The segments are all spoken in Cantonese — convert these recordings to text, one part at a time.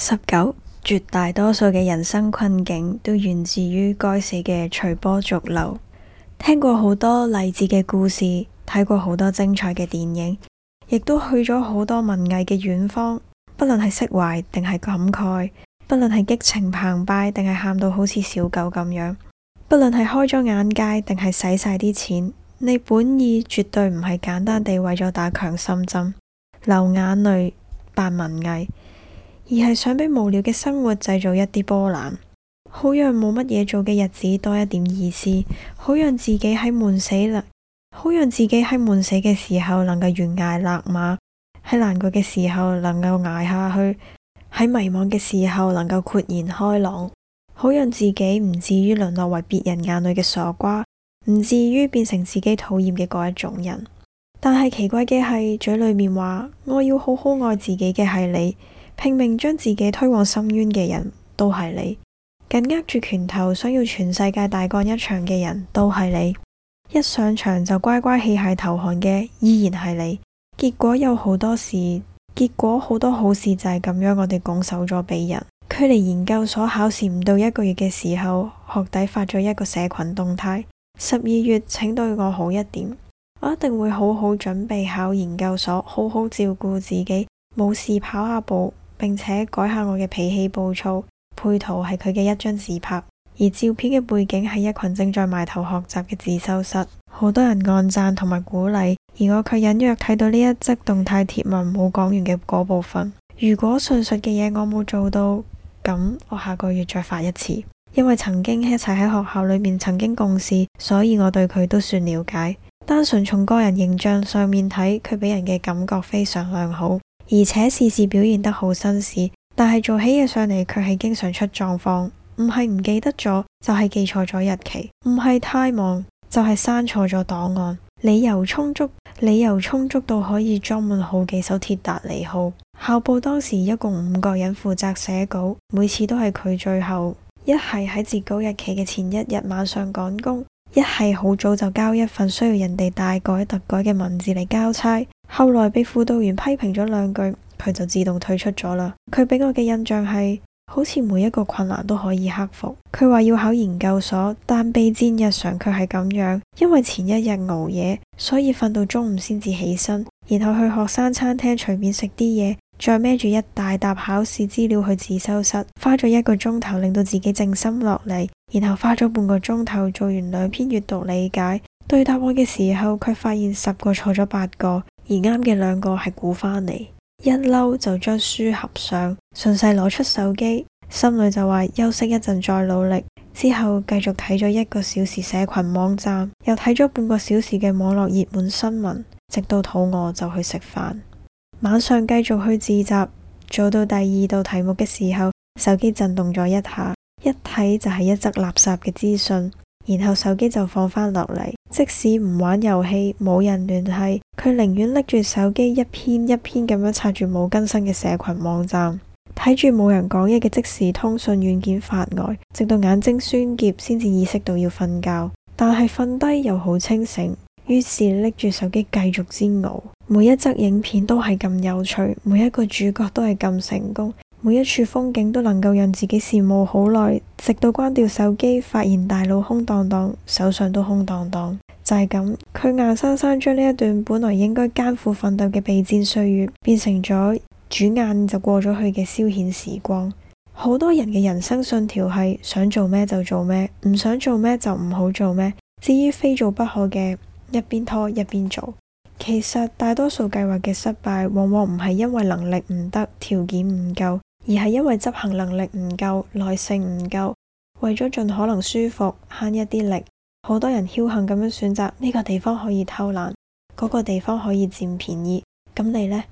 十九，絕大多數嘅人生困境都源自於該死嘅隨波逐流。聽過好多勵志嘅故事，睇過好多精彩嘅電影，亦都去咗好多文藝嘅遠方。不論係釋懷定係感慨，不論係激情澎湃定係喊到好似小狗咁樣，不論係開咗眼界定係使晒啲錢，你本意絕對唔係簡單地為咗打強心針、流眼淚扮文藝。而係想俾無聊嘅生活製造一啲波瀾，好讓冇乜嘢做嘅日子多一點意思，好讓自己喺悶死啦，好讓自己喺悶死嘅時候能夠懸崖勒馬，喺難過嘅時候能夠捱下去，喺迷茫嘅時候能夠豁然開朗，好讓自己唔至於淪落為別人眼裏嘅傻瓜，唔至於變成自己討厭嘅嗰一種人。但係奇怪嘅係，嘴裏面話我要好好愛自己嘅係你。拼命將自己推往深淵嘅人都係你，緊握住拳頭想要全世界大幹一場嘅人都係你，一上場就乖乖棄械投降嘅依然係你。結果有好多事，結果好多好事就係咁樣，我哋拱手咗俾人。距離研究所考試唔到一個月嘅時候，學弟發咗一個社群動態：十二月請對我好一點，我一定會好好準備考研究所，好好照顧自己，冇事跑下步。並且改下我嘅脾氣暴躁，配圖係佢嘅一張自拍，而照片嘅背景係一群正在埋頭學習嘅自修室，好多人按讚同埋鼓勵。而我卻隱約睇到呢一則動態貼文冇講完嘅嗰部分。如果上述嘅嘢我冇做到，咁我下個月再發一次。因為曾經一齊喺學校裏面曾經共事，所以我對佢都算了解。單純從個人形象上面睇，佢俾人嘅感覺非常良好。而且事事表現得好紳士，但係做起嘢上嚟，卻係經常出狀況。唔係唔記得咗，就係記錯咗日期；唔係太忙，就係刪錯咗檔案。理由充足，理由充足到可以裝滿好幾首鐵達尼號。校報當時一共五個人負責寫稿，每次都係佢最後一係喺截稿日期嘅前一日晚上趕工，一係好早就交一份需要人哋大改特改嘅文字嚟交差。後來被輔導員批評咗兩句，佢就自動退出咗啦。佢俾我嘅印象係，好似每一個困難都可以克服。佢話要考研究所，但備戰日常卻係咁樣。因為前一日熬夜，所以瞓到中午先至起身，然後去學生餐廳隨便食啲嘢，再孭住一大沓考試資料去自修室，花咗一個鐘頭令到自己靜心落嚟，然後花咗半個鐘頭做完兩篇閱讀理解對答案嘅時候，卻發現十個錯咗八個。而啱嘅兩個係估返嚟，一嬲就將書合上，順勢攞出手機，心裏就話休息一陣再努力。之後繼續睇咗一個小時社群網站，又睇咗半個小時嘅網絡熱門新聞，直到肚餓就去食飯。晚上繼續去自習，做到第二道題目嘅時候，手機震動咗一下，一睇就係一則垃圾嘅資訊。然後手機就放返落嚟，即使唔玩遊戲，冇人聯繫，佢寧願拎住手機一篇一篇咁樣刷住冇更新嘅社群網站，睇住冇人講嘢嘅即時通訊軟件發呆，直到眼睛酸澀先至意識到要瞓覺，但係瞓低又好清醒，於是拎住手機繼續煎熬，每一則影片都係咁有趣，每一個主角都係咁成功。每一處風景都能夠讓自己羨慕好耐，直到關掉手機，發現大腦空蕩蕩，手上都空蕩蕩，就係咁，佢硬生生將呢一段本來應該艱苦奮鬥嘅備戰歲月，變成咗轉眼就過咗去嘅消遣時光。好多人嘅人生信條係想做咩就做咩，唔想做咩就唔好做咩，至於非做不可嘅一邊拖一邊做，其實大多數計劃嘅失敗，往往唔係因為能力唔得，條件唔夠。而係因為執行能力唔夠，耐性唔夠，為咗盡可能舒服，慳一啲力，好多人僥幸咁樣選擇呢個地方可以偷懶，嗰個地方可以佔便宜。咁你呢？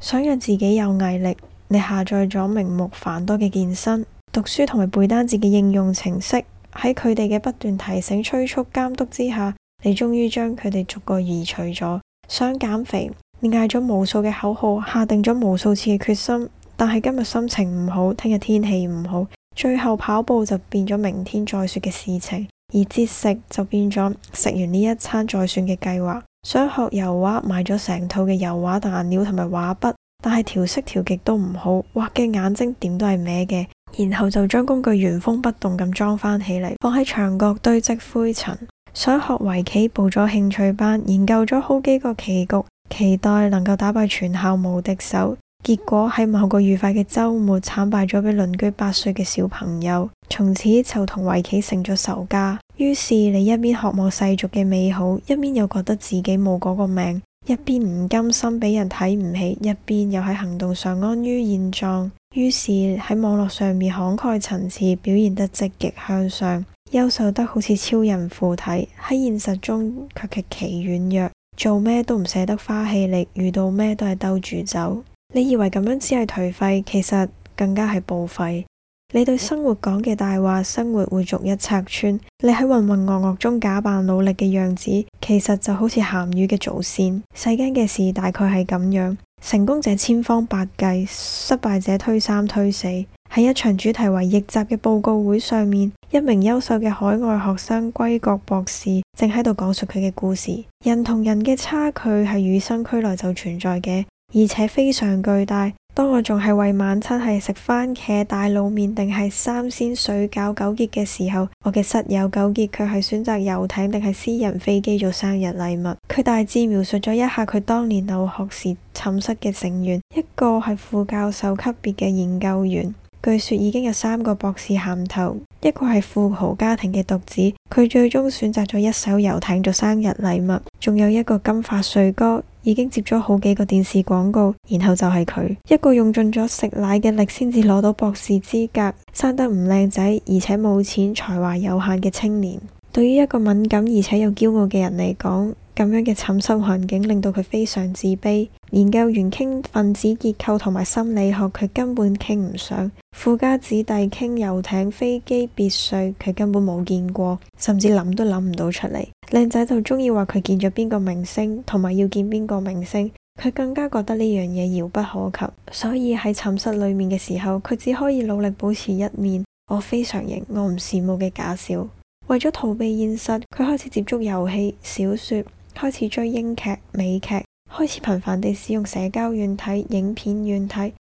想讓自己有毅力，你下載咗名目繁多嘅健身、讀書同埋背單字嘅應用程式，喺佢哋嘅不斷提醒、催促、監督之下，你終於將佢哋逐個移除咗。想減肥，你嗌咗無數嘅口號，下定咗無數次嘅決心。但係今日心情唔好，聽日天氣唔好，最後跑步就變咗明天再說嘅事情，而節食就變咗食完呢一餐再算嘅計劃。想學油畫，買咗成套嘅油畫同顏料同埋畫筆，但係調色調極都唔好，畫嘅眼睛點都係歪嘅，然後就將工具原封不動咁裝翻起嚟，放喺牆角堆積灰塵。想學圍棋，報咗興趣班，研究咗好幾個棋局，期待能夠打敗全校無敵手。結果喺某個愉快嘅周末慘敗咗俾鄰居八歲嘅小朋友，從此就同圍棋成咗仇家。於是你一邊渴望世俗嘅美好，一邊又覺得自己冇嗰個命，一邊唔甘心俾人睇唔起，一邊又喺行動上安於現狀。於是喺網絡上面慷慨陳詞，表現得積極向上，優秀得好似超人附體，喺現實中卻極其軟弱，做咩都唔捨得花氣力，遇到咩都係兜住走。你以為咁樣只係頹廢，其實更加係報廢。你對生活講嘅大話，生活會逐一拆穿。你喺渾渾噩噩中假扮努力嘅樣子，其實就好似鹹魚嘅祖先。世間嘅事大概係咁樣，成功者千方百計，失敗者推三推四。喺一場主題為逆襲嘅報告會上面，一名優秀嘅海外學生歸國博士正喺度講述佢嘅故事。人同人嘅差距係與生俱來就存在嘅。而且非常巨大。當我仲係為晚餐係食番茄大滷麵定係三鮮水餃糾結嘅時候，我嘅室友糾結佢係選擇遊艇定係私人飛機做生日禮物。佢大致描述咗一下佢當年留學時寢室嘅成員：一個係副教授級別嘅研究員，據說已經有三個博士銜頭；一個係富豪家庭嘅獨子，佢最終選擇咗一艘遊艇做生日禮物；仲有一個金髮帥哥，已經接咗好幾個電視廣告，然後就係佢一個用盡咗食奶嘅力先至攞到博士資格，生得唔靚仔，而且冇錢，才華有限嘅青年。對於一個敏感而且又驕傲嘅人嚟講，咁樣嘅寢室環境令到佢非常自卑。研究員傾分子結構同埋心理學，佢根本傾唔上。富家子弟傾遊艇、飛機、別墅，佢根本冇見過，甚至諗都諗唔到出嚟。靚仔就中意話佢見咗邊個明星，同埋要見邊個明星，佢更加覺得呢樣嘢遙不可及。所以喺寢室裏面嘅時候，佢只可以努力保持一面我非常型，我唔羨慕嘅假笑。為咗逃避現實，佢開始接觸遊戲、小說。開始追英劇、美劇，開始頻繁地使用社交軟體、影片軟體，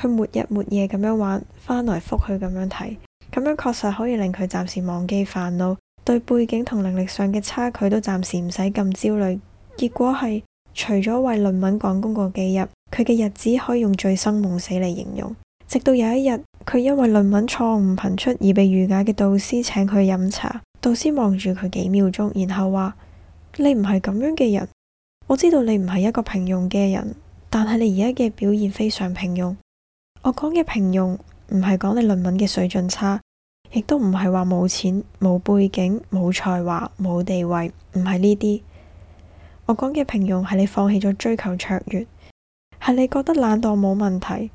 佢沒日沒夜咁樣玩，翻來覆去咁樣睇，咁樣確實可以令佢暫時忘記煩惱，對背景同能力上嘅差距都暫時唔使咁焦慮。結果係，除咗為論文趕工嗰幾日，佢嘅日子可以用醉生夢死嚟形容。直到有一日，佢因為論文錯誤頻出而被儒雅嘅導師請佢飲茶，導師望住佢幾秒鐘，然後話。你唔係咁樣嘅人，我知道你唔係一個平庸嘅人，但係你而家嘅表現非常平庸。我講嘅平庸唔係講你論文嘅水準差，亦都唔係話冇錢、冇背景、冇才華、冇地位，唔係呢啲。我講嘅平庸係你放棄咗追求卓越，係你覺得懶惰冇問題，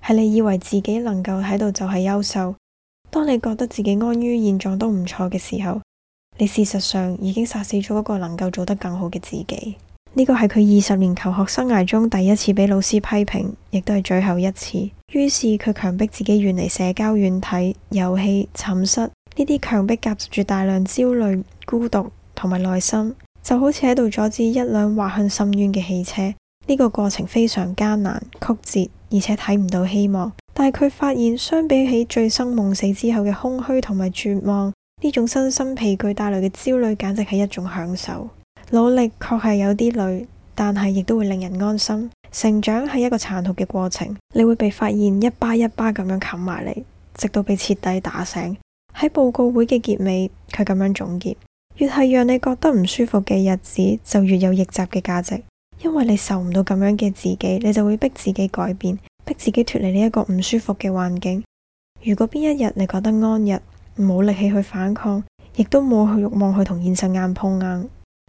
係你以為自己能夠喺度就係優秀。當你覺得自己安於現狀都唔錯嘅時候，你事實上已經殺死咗一個能夠做得更好嘅自己。呢個係佢二十年求學生涯中第一次俾老師批評，亦都係最後一次。於是佢強迫自己遠離社交軟體、遊戲、寢室。呢啲強迫夾雜住大量焦慮、孤獨同埋內心，就好似喺度阻止一輛滑向深淵嘅汽車。呢個過程非常艱難曲折，而且睇唔到希望。但係佢發現，相比起醉生夢死之後嘅空虛同埋絕望，呢種身心疲倦帶來嘅焦慮，簡直係一種享受。努力確係有啲累，但係亦都會令人安心。成長係一個殘酷嘅過程，你會被發現一巴一巴咁樣冚埋嚟，直到被徹底打醒。喺報告會嘅結尾，佢咁樣總結：越係讓你覺得唔舒服嘅日子，就越有逆襲嘅價值。因為你受唔到咁樣嘅自己，你就會逼自己改變，逼自己脱離呢一個唔舒服嘅環境。如果邊一日你覺得安逸，冇力氣去反抗，亦都冇慾望去同現實硬碰硬。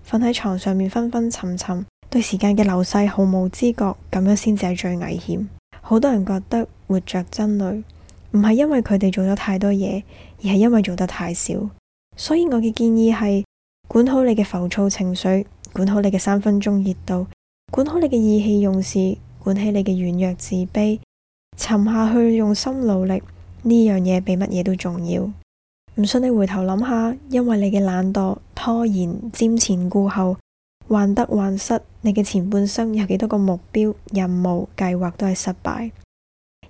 瞓喺床上面昏昏沉沉，對時間嘅流逝毫無知覺，咁樣先至係最危險。好多人覺得活着真累，唔係因為佢哋做咗太多嘢，而係因為做得太少。所以我嘅建議係：管好你嘅浮躁情緒，管好你嘅三分鐘熱度，管好你嘅意氣用事，管起你嘅軟弱自卑，沉下去用心努力，呢樣嘢比乜嘢都重要。唔信你回頭諗下，因為你嘅懶惰、拖延、瞻前顧後、患得患失，你嘅前半生有幾多個目標、任務、計劃都係失敗，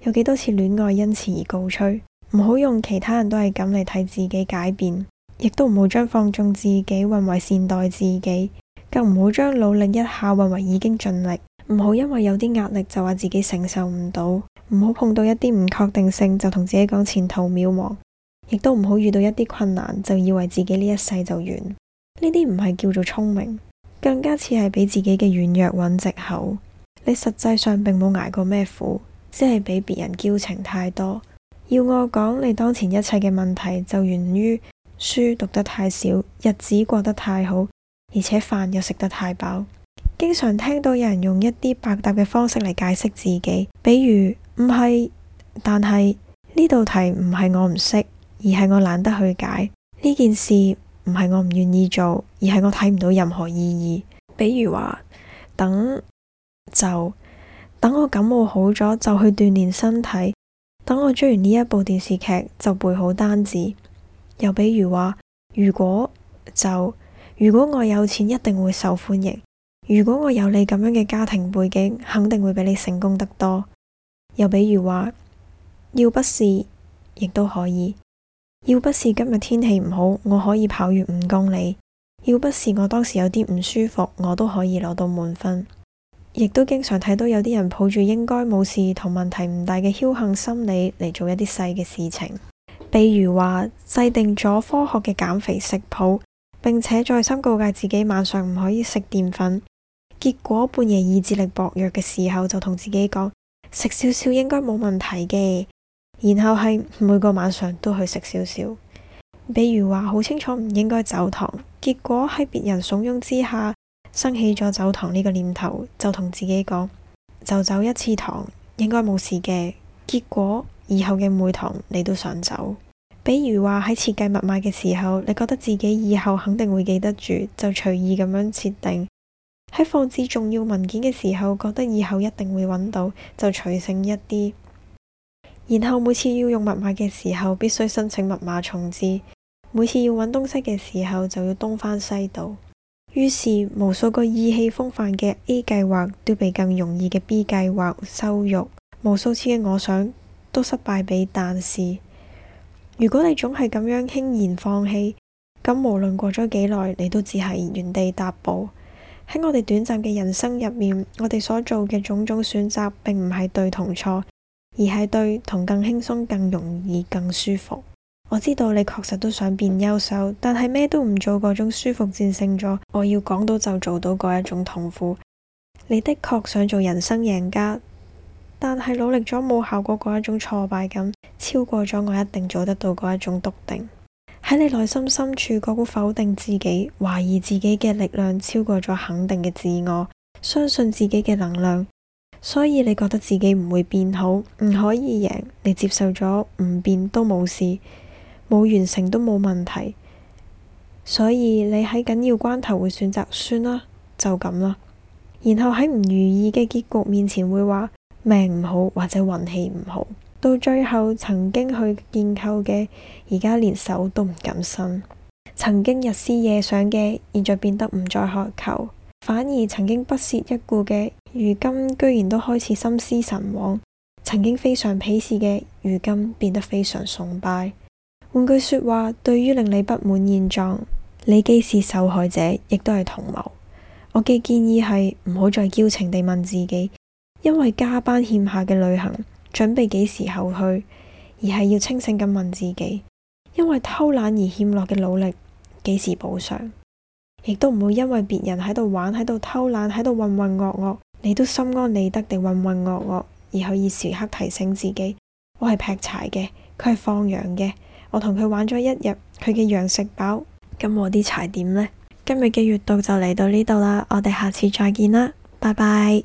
有幾多次戀愛因此而告吹。唔好用其他人都係咁嚟替自己改變，亦都唔好將放縱自己混為善待自己，更唔好將努力一下混為已經盡力。唔好因為有啲壓力就話自己承受唔到，唔好碰到一啲唔確定性就同自己講前途渺茫。亦都唔好遇到一啲困難就以為自己呢一世就完。呢啲唔係叫做聰明，更加似係俾自己嘅軟弱揾藉口。你實際上並冇挨過咩苦，只係比別人矯情太多。要我講你當前一切嘅問題，就源於書讀得太少，日子過得太好，而且飯又食得太飽。經常聽到有人用一啲百搭嘅方式嚟解釋自己，比如唔係，但係呢道題唔係我唔識。而係我懶得去解。呢件事，唔係我唔願意做，而係我睇唔到任何意義。比如話等，就等我感冒好咗就去鍛煉身體，等我追完呢一部電視劇就背好單字。又比如話如果，就如果我有錢一定會受歡迎，如果我有你咁樣嘅家庭背景肯定會比你成功得多。又比如話要不是亦都可以。要不是今日天，天氣唔好，我可以跑完五公里；要不是我當時有啲唔舒服，我都可以攞到滿分。亦都經常睇到有啲人抱住應該冇事同問題唔大嘅僥倖心理嚟，做一啲細嘅事情，譬如話制定咗科學嘅減肥食譜，並且再三告誡自己晚上唔可以食澱粉，結果半夜意志力薄弱嘅時候就同自己講，食少少應該冇問題嘅。然後係每個晚上都去食少少，比如話好清楚唔應該走堂，結果喺別人慫恿之下，生起咗走堂呢個念頭，就同自己講就走一次堂，應該冇事嘅。結果以後嘅每堂你都想走，比如話喺設計密碼嘅時候，你覺得自己以後肯定會記得住，就隨意咁樣設定；喺放置重要文件嘅時候，覺得以後一定會揾到，就隨性一啲。然後每次要用密碼嘅時候，必須申請密碼重置；每次要揾東西嘅時候，就要東翻西倒。於是無數個意氣風範嘅 A 計劃都被更容易嘅 B 計劃羞辱。無數次嘅我想都失敗俾，但是如果你總係咁樣輕言放棄，咁無論過咗幾耐，你都只係原地踏步。喺我哋短暫嘅人生入面，我哋所做嘅種種選擇並唔係對同錯。而係對同更輕鬆、更容易、更舒服。我知道你確實都想變優秀，但係咩都唔做嗰種舒服戰勝咗。我要講到就做到嗰一種痛苦。你的確想做人生贏家，但係努力咗冇效果嗰一種挫敗感，超過咗我一定做得到嗰一種篤定。喺你內心深處嗰個否定自己、懷疑自己嘅力量，超過咗肯定嘅自我，相信自己嘅能量。所以你覺得自己唔會變好，唔可以贏，你接受咗，唔變都冇事，冇完成都冇問題。所以你喺緊要關頭會選擇算啦，就咁啦。然後喺唔如意嘅結局面前會話命唔好或者運氣唔好，到最後曾經去建構嘅，而家連手都唔敢伸；曾經日思夜想嘅，現在變得唔再渴求。反而曾經不屑一顧嘅，如今居然都開始心思神往；曾經非常鄙視嘅，如今變得非常崇拜。換句說話，對於令你不滿現狀，你既是受害者，亦都係同謀。我嘅建議係唔好再矯情地問自己，因為加班欠下嘅旅行，準備幾時後去？而係要清醒咁問自己，因為偷懶而欠落嘅努力，幾時補償？亦都唔會因為別人喺度玩，喺度偷懶，喺度混混噩噩，你都心安理得地混混噩噩，而可以時刻提醒自己，我係劈柴嘅，佢係放羊嘅，我同佢玩咗一日，佢嘅羊食飽，咁我啲柴點呢？今日嘅閱讀就嚟到呢度啦，我哋下次再見啦，拜拜。